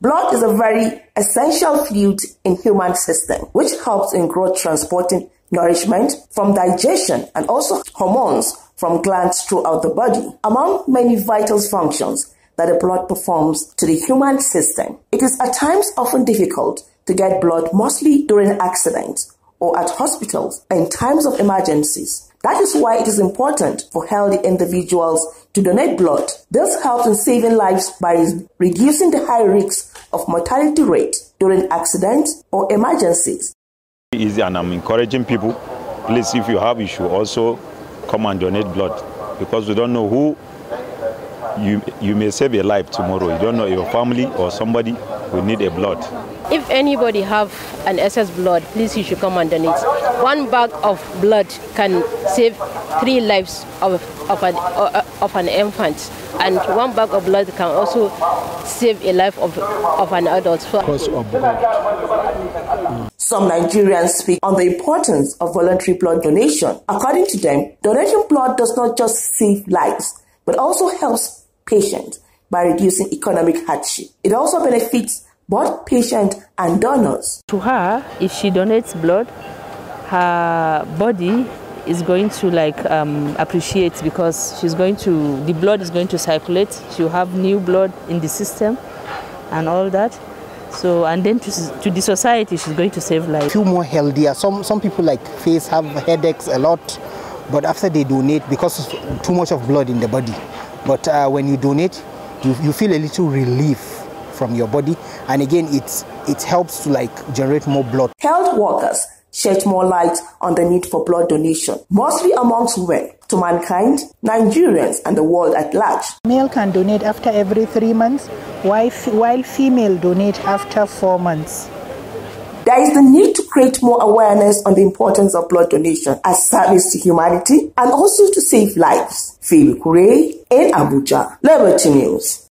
Blood is a very essential fluid in human system, which helps in growth transporting nourishment from digestion and also hormones from glands throughout the body, among many vital functions that the blood performs to the human system. It is at times often difficult to get blood mostly during accidents or at hospitals in times of emergencies. That is why it is important for healthy individuals to donate blood. This helps in saving lives by reducing the high risk of mortality rate during accidents or emergencies. Easy, and I'm encouraging people, please, if you have issue, also come and donate blood because we don't know who you, you may save a life tomorrow. You don't know your family or somebody will need a blood. If anybody have an excess blood, please you should come and donate. One bag of blood can save three lives of, of, an, of an infant. And one bag of blood can also save a life of, of an adult. Some Nigerians speak on the importance of voluntary blood donation. According to them, donating blood does not just save lives, but also helps patients by reducing economic hardship. It also benefits both patient and donors. To her, if she donates blood, her body is going to like um, appreciate because she's going to the blood is going to circulate. She'll have new blood in the system and all that. So and then to, to the society, she's going to save life. Feel more healthier. Some some people like face have headaches a lot, but after they donate because too much of blood in the body. But uh, when you donate, you, you feel a little relief from your body and again it it helps to like generate more blood health workers shed more light on the need for blood donation, mostly amongst women, to mankind, Nigerians, and the world at large. Male can donate after every three months, while female donate after four months. There is the need to create more awareness on the importance of blood donation as service to humanity and also to save lives. Phoebe Kure in Abuja, Liberty News.